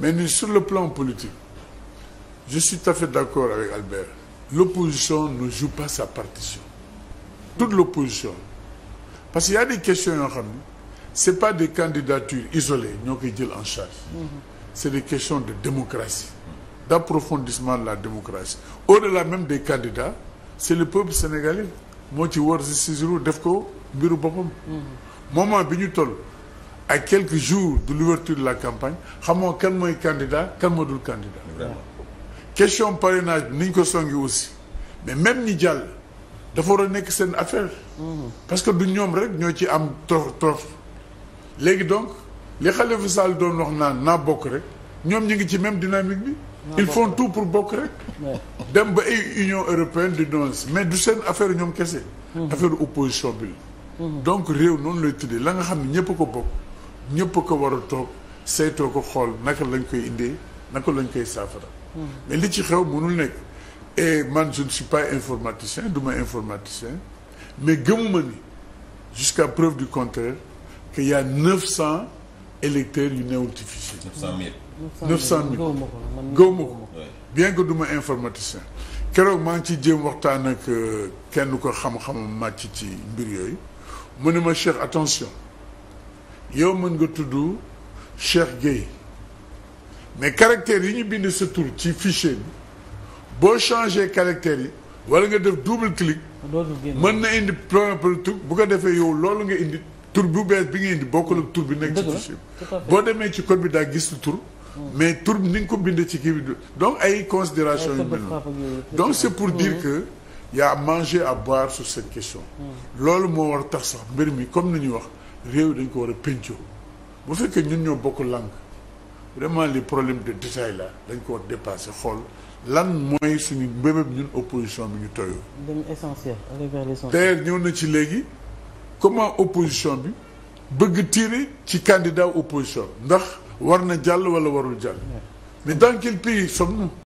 mais ni sur le plan politique je suis tout à fait d'accord avec Albert l'opposition ne joue pas sa partition toute l'opposition parce qu'il y a des questions yoo xam ne c'est pas des candidatures isolées ñoo koy jël en charge c'est des questions de démocratie d'approfondissement de la démocratie au-delà même des candidats c'est le peuple sénégalais moo ci war si def ko mbiru boppam moment bi ñu toll ak quelque jour de l'ouverture de la campagne xamoo kan mooy candidat kan moo dul candidat question parrainage bi ni ñu ko songi aussi mais même ñi jàll dafa war a nekk seen affaire mhm. parce que du ñoom rek ñoo ci am trop trop léegi donc li Khalifa Sall doon wax naan naa bokk rek ñoom ñu ngi ci même dynamique bi il faut tout pour bokk rek dem ba ay union européenne du nonc mais du seen affaire ñoom kese mhm. affaire opposition bi la mhm. donc réew noonu lay tuddee la nga xam ne ñépp ko bokk ñëpp ko war a toog saytoo ko xool naka lañ koy indee naka lañ koy saafara. Hmm. mais li ci xew mënul nekk et man je ne suis pas informaticien du ma informaticien mais gëmuma ni jusqu'à preuve du contraire que y a neuf cent électeurs yu newul ci fichier. neuf cent mille. neuf ko bien que du ma informaticien keroog maa ngi ciy jéem waxtaan ak euh, kenn ko xam-xamam màcc ci mbir yooyu mu ne ma cher attention. yow mën nga tudd Cheikh Gueye mais caractère yi ñu bind sa tur ci fichier bi boo changé caractère yi wala nga def double clic mën na indi problème politique bu ko defee yow loolu nga indi tour bu bees bi nga indi bokkul ak tur bi nag ci fichier bi boo demee ci code bi daa gis tour hmm. mais tour ni nga ko bind ci kii bi donc ay considération yu mel noonu donc c'est pour dire hmm. que y a à manger à boire sur cette question hmm. loolu moo war tax sax mbir mi comme ni ñuy wax réew dañ ko war a péncoo bu fekkee ñun ñoo bokk langue vraiment les problème de détail la dañ ko war dépasser xool lan mooy suñu mbébét ñun opposition bi ñu toyoo. dem essentiel aller vers l'essentiel. d'ailleurs ñëw na ci léegi comment opposition bi bëgg tirer ci candidat opposition ndax war na jàll wala warul jàll. mais dans pays sommes-nous